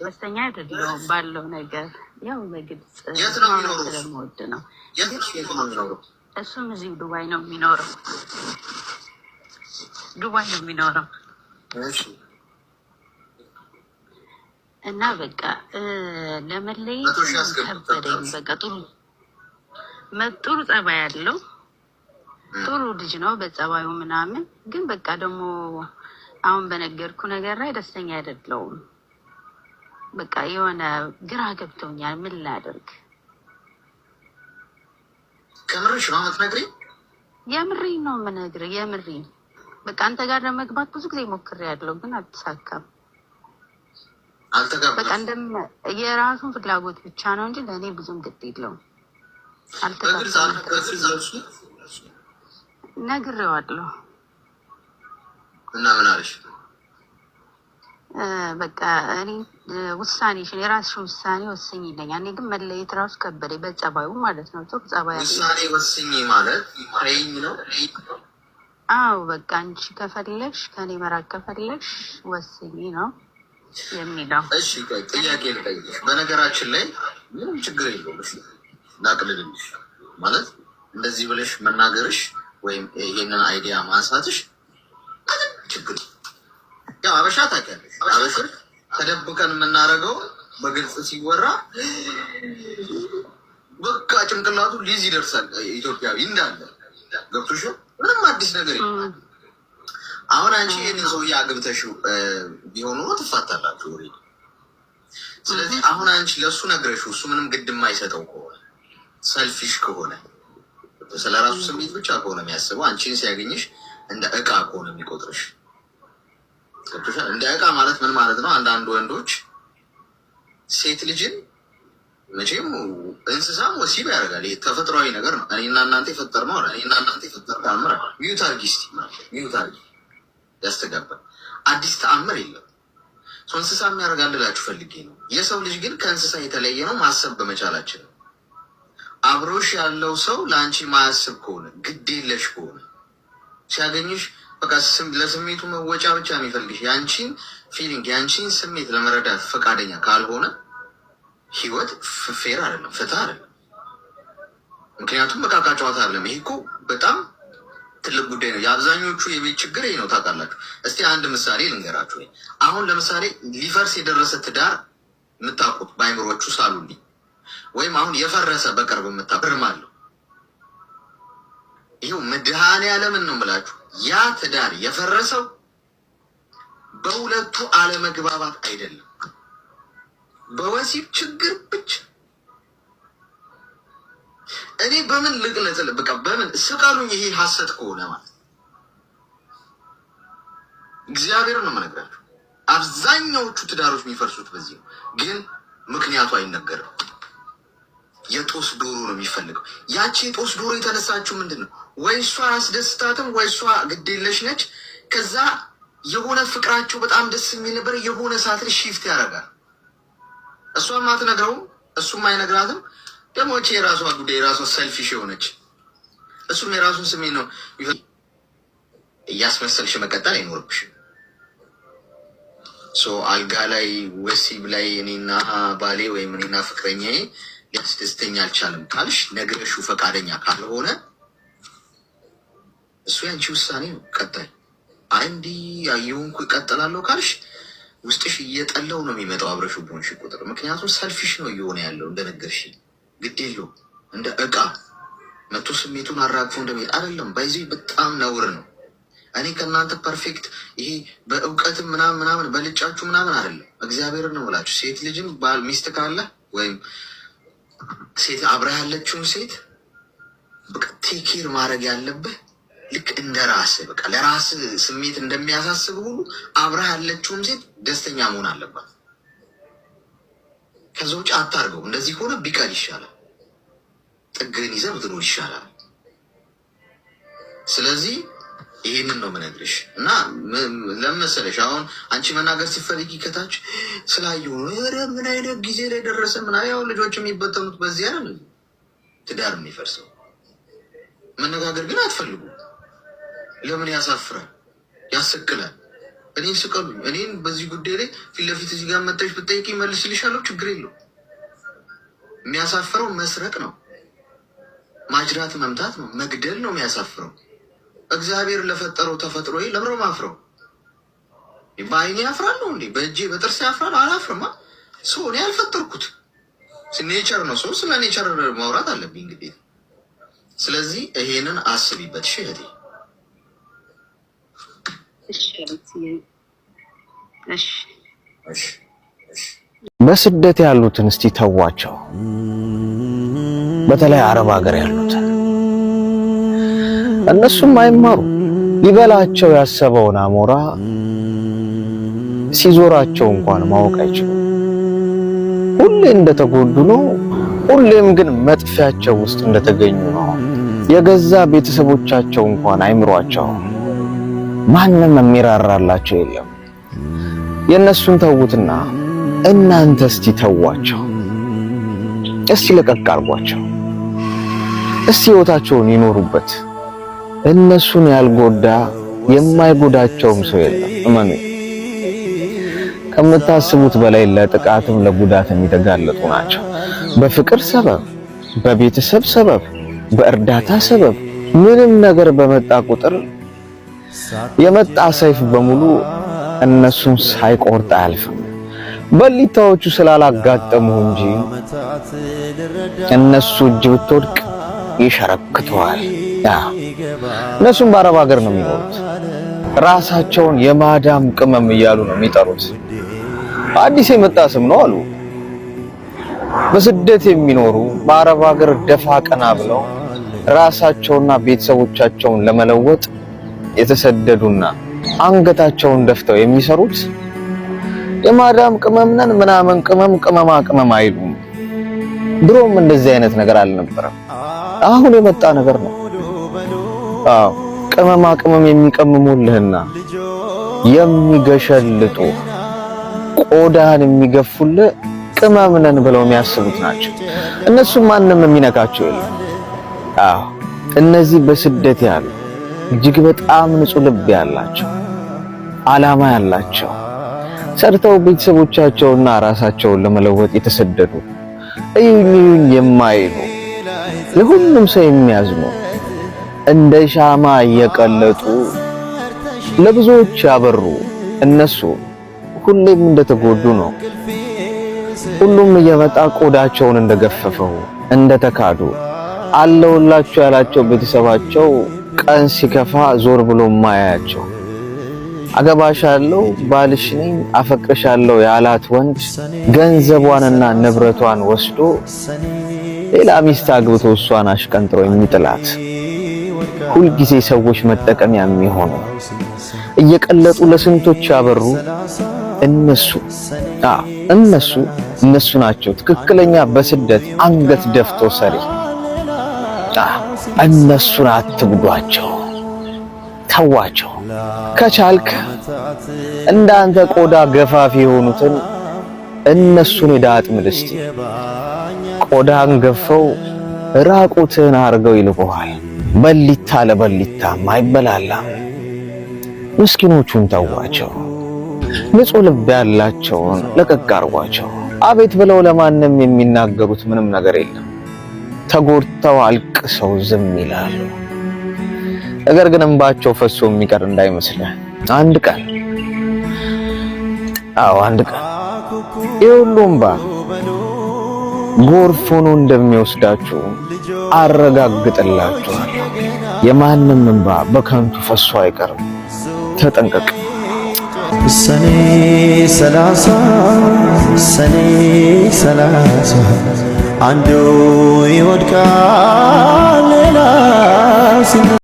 ደስተኛ አይደለሁም ባለው ነገር። ያው በግልጽ ስለምወድ ነው። እሱም እዚሁ ዱባይ ነው የሚኖረው። ዱባይ ነው የሚኖረው እና በቃ ለመለየት ከበደኝ። በቃ ጥሩ ጥሩ ጸባይ ያለው ጥሩ ልጅ ነው በጸባዩ ምናምን፣ ግን በቃ ደግሞ አሁን በነገርኩ ነገር ላይ ደስተኛ አይደለውም። በቃ የሆነ ግራ ገብቶኛል። ምን ላደርግ? ከምርሽ ነው የምትነግሪኝ? የምሬን ነው የምነግርህ፣ የምሬን በቃ አንተ ጋር ለመግባት ብዙ ጊዜ ሞክሬያለሁ፣ ግን አልተሳካም። በቃ የራሱን ፍላጎት ብቻ ነው እንጂ ለእኔ ብዙም ግድ የለውም። አልተሳካም። ነግሬዋለሁ እና ምን አለሽ? በቃ እኔ ውሳኔሽን የራስሽን ውሳኔ ወስኝ ወስኝልኝ። እኔ ግን መለየት ራሱ ከበደ በጸባዩ ማለት ነው። ጥሩ ጸባይ ውሳኔ ወስኝ ማለት ነው። አዎ በቃ አንቺ ከፈለሽ ከኔ መራቅ ከፈለሽ ወስኝ ነው የሚለው። እሺ ጥያቄ ልጠይቅሽ። በነገራችን ላይ ምንም ችግር የለውም። ላቅልልልሽ ማለት እንደዚህ ብለሽ መናገርሽ ወይም ይሄንን አይዲያ ማንሳትሽ ችግር ያው አበሻ ታውቂያለሽ አበስር ተደብቀን የምናደርገው በግልጽ ሲወራ በቃ ጭንቅላቱ ሊዝ ይደርሳል። ኢትዮጵያዊ እንዳለ ገብቶሽ ምንም አዲስ ነገር አሁን አንቺ ይህን ሰውዬ አግብተሽው ቢሆኑ ነው ትፋታላችሁ። ስለዚህ አሁን አንቺ ለእሱ ነግረሽው እሱ ምንም ግድ የማይሰጠው ከሆነ ሰልፊሽ ከሆነ ስለራሱ ስሜት ብቻ ከሆነ የሚያስበው አንቺን ሲያገኝሽ እንደ እቃ ከሆነ የሚቆጥርሽ ገብቶሻል? እንደ እቃ ማለት ምን ማለት ነው? አንዳንድ ወንዶች ሴት ልጅን መቼም እንስሳም ወሲብ ያደርጋል። ተፈጥሯዊ ነገር ነው። እኔና እናንተ የፈጠር ነው። እኔና እናንተ የፈጠር ተአምር አለ። ሚዩት አርጊ እስኪ ሚዩት አርጊ። ያስተጋባል። አዲስ ተአምር የለም። እንስሳ ያደርጋል ልላችሁ ፈልጌ ነው። የሰው ልጅ ግን ከእንስሳ የተለየ ነው። ማሰብ በመቻላችን ነው። አብሮሽ ያለው ሰው ለአንቺ ማያስብ ከሆነ ግድ የለሽ ከሆነ ሲያገኝሽ በቃ ለስሜቱ መወጫ ብቻ የሚፈልግሽ የአንቺን ፊሊንግ የአንቺን ስሜት ለመረዳት ፈቃደኛ ካልሆነ ህይወት ፌር አይደለም፣ ፍትህ አይደለም። ምክንያቱም በቃ ዕቃ ጨዋታ አይደለም። ይሄ እኮ በጣም ትልቅ ጉዳይ ነው። የአብዛኞቹ የቤት ችግር ነው ታውቃላችሁ። እስቲ አንድ ምሳሌ ልንገራችሁ። አሁን ለምሳሌ ሊፈርስ የደረሰ ትዳር የምታውቁት በአይምሮቹ ሳሉልኝ ወይም አሁን የፈረሰ በቅርብ ርማለሁ። ይኸው መድኃኔ ነው የምላችሁ ያ ትዳር የፈረሰው በሁለቱ አለመግባባት አይደለም፣ በወሲብ ችግር ብቻ። እኔ በምን ልግለጽልህ? በቃ በምን ስቀሉኝ፣ ይሄ ሀሰት ከሆነ ማለት እግዚአብሔር ነው የምነግራችሁ። አብዛኛዎቹ ትዳሮች የሚፈርሱት በዚህ ነው፣ ግን ምክንያቱ አይነገርም። የጦስ ዶሮ ነው የሚፈልገው። ያቺ የጦስ ዶሮ የተነሳችው ምንድን ነው? ወይ እሷ አያስደስታትም፣ ወይ እሷ ግዴለሽ ነች። ከዛ የሆነ ፍቅራቸው በጣም ደስ የሚል ነበር። የሆነ ሰዓት ላይ ሺፍት ያደርጋል። እሷም አትነግረውም፣ እሱም አይነግራትም። ደግሞ እቺ የራሷ ጉዳይ የራሷ ሰልፊሽ የሆነች እሱም የራሱን ስሜት ነው እያስመሰልሽ መቀጠል አይኖርብሽ። አልጋ ላይ ወሲብ ላይ እኔና ባሌ ወይም እኔና ፍቅረኛዬ ሊያስደስተኝ አልቻልም ካልሽ ነግረሹ ፈቃደኛ ካልሆነ እሱ ያንቺ ውሳኔ ነው። ቀጣይ አንዲ ያየውን እቀጥላለሁ ካልሽ ውስጥሽ እየጠላው ነው የሚመጣው አብረሹ በሆንሽ ቁጥር። ምክንያቱም ሰልፊሽ ነው እየሆነ ያለው እንደነገርሽ ግድ የለውም እንደ እቃ መቶ ስሜቱን አራግፎ እንደሚሄድ አይደለም። ባይዚ በጣም ነውር ነው። እኔ ከእናንተ ፐርፌክት ይሄ በእውቀትም ምናምን ምናምን በልጫችሁ ምናምን አይደለም። እግዚአብሔር ነው ብላችሁ ሴት ልጅም ባል ሚስት ካለ ወይም ሴት አብረህ ያለችውን ሴት ቴኬር ማድረግ ያለብህ ልክ እንደ ራስ በቃ ለራስ ስሜት እንደሚያሳስብ ሁሉ አብረህ ያለችውም ሴት ደስተኛ መሆን አለባት። ከዚ ውጭ አታርገው። እንደዚህ ከሆነ ቢቀር ይሻላል፣ ጥግህን ይዘህ ብትኖር ይሻላል። ስለዚህ ይህንን ነው የምነግርሽ እና ለመሰለሽ አሁን አንቺ መናገር ሲፈልጊ ከታች ስላየሁ ምን አይነት ጊዜ ላይ ደረሰ ምና ያው ልጆች የሚበተኑት በዚህ ያ ትዳር የሚፈርሰው መነጋገር ግን አትፈልጉ ለምን ያሳፍራል? ያሰቅላል? እኔን ስቀሉ። እኔን በዚህ ጉዳይ ላይ ፊትለፊት እዚህ ጋር መታች ብጠይቅ መልስልሻለሁ። ችግር የለው። የሚያሳፍረው መስረቅ ነው፣ ማጅራት መምታት ነው፣ መግደል ነው የሚያሳፍረው። እግዚአብሔር ለፈጠረው ተፈጥሮ ለምሮ ማፍረው በአይኔ ነው እንዴ? በእጄ በጥርስ ያፍራል? አላፍርማ። ሰው እኔ ያልፈጠርኩት ኔቸር ነው። ሰው ስለ ኔቸር ማውራት አለብኝ እንግዲህ። ስለዚህ ይሄንን አስቢበት ሽህቴ በስደት ያሉትን እስቲ ተዋቸው። በተለይ አረብ ሀገር ያሉትን እነሱም አይማሩ። ሊበላቸው ያሰበውን አሞራ ሲዞራቸው እንኳን ማወቅ አይችሉም። ሁሌ እንደተጎዱ ነው። ሁሌም ግን መጥፊያቸው ውስጥ እንደተገኙ ነው። የገዛ ቤተሰቦቻቸው እንኳን አይምሯቸውም። ማንም የሚራራላቸው የለም። የእነሱን ተዉትና እናንተ እስቲ ተዋቸው፣ እስቲ ለቀቅ አርጓቸው፣ እስቲ ህይወታቸውን ይኖሩበት። እነሱን ያልጎዳ የማይጎዳቸውም ሰው የለም። እመኑ፣ ከምታስቡት በላይ ለጥቃትም ለጉዳትም የተጋለጡ ናቸው። በፍቅር ሰበብ፣ በቤተሰብ ሰበብ፣ በእርዳታ ሰበብ ምንም ነገር በመጣ ቁጥር የመጣ ሰይፍ በሙሉ እነሱን ሳይቆርጥ አያልፍም። በሊታዎቹ ስላላጋጠሙ እንጂ እነሱ እጅ ብትወድቅ ይሸረክተዋል። እነሱም በአረብ ሀገር ነው የሚኖሩት። ራሳቸውን የማዳም ቅመም እያሉ ነው የሚጠሩት። አዲስ የመጣ ስም ነው አሉ። በስደት የሚኖሩ በአረብ ሀገር ደፋ ቀና ብለው ራሳቸውና ቤተሰቦቻቸውን ለመለወጥ የተሰደዱና አንገታቸውን ደፍተው የሚሰሩት የማዳም ቅመም ነን ምናምን ቅመም ቅመማ ቅመም አይሉም። ድሮም እንደዚህ አይነት ነገር አልነበረም። አሁን የመጣ ነገር ነው። አዎ ቅመማ ቅመም የሚቀምሙልህና የሚገሸልጡ ቆዳህን የሚገፉልህ ቅመም ነን ብለው የሚያስቡት ናቸው። እነሱ ማንም የሚነካቸው የለም። አዎ እነዚህ በስደት ያሉ እጅግ በጣም ንጹህ ልብ ያላቸው ዓላማ ያላቸው ሰርተው ቤተሰቦቻቸውና ራሳቸውን ለመለወጥ የተሰደዱ እዩኝ እዩኝ የማይሉ ለሁሉም ሰው የሚያዝኑ እንደ ሻማ እየቀለጡ ለብዙዎች ያበሩ እነሱ ሁሌም እንደተጎዱ ነው። ሁሉም እየመጣ ቆዳቸውን እንደገፈፈው እንደተካዱ አለውላቸው ያላቸው ቤተሰባቸው ቀን ሲከፋ ዞር ብሎ ማያቸው አገባሻለሁ ባልሽ ነኝ አፈቅርሻለሁ ያላት ወንድ ገንዘቧንና ንብረቷን ወስዶ ሌላ ሚስት አግብቶ እሷን አሽቀንጥሮ የሚጥላት ሁልጊዜ ሰዎች መጠቀሚያ የሚሆኑ እየቀለጡ ለስንቶች ያበሩ እነሱ እነሱ እነሱ ናቸው ትክክለኛ በስደት አንገት ደፍቶ ሰሪ። ሲመጣ እነሱን አትጉዷቸው፣ ተዋቸው። ከቻልክ እንዳንተ ቆዳ ገፋፊ የሆኑትን እነሱን የዳጥም ድስቲ ቆዳን ገፈው ራቁትን አድርገው ይልቁሃል። በሊታ ለበሊታ አይበላላም። ምስኪኖቹን ተዋቸው። ንጹህ ልብ ያላቸውን ለቀቅ አርጓቸው። አቤት ብለው ለማንም የሚናገሩት ምንም ነገር የለም። ተጎድተው አልቅሰው ዝም ይላሉ። ነገር ግን እንባቸው ፈሶ የሚቀር እንዳይመስል አንድ ቀን አዎ አንድ ቀን ይህ ሁሉ እንባ ጎርፍ ሆኖ እንደሚወስዳችሁ አረጋግጥላችኋል። የማንም እንባ በከንቱ ፈሶ አይቀርም። ተጠንቀቅ። ሰኔ ሰላሳ ሰኔ ሰላሳ አንዱ ይወድቃል ሌላው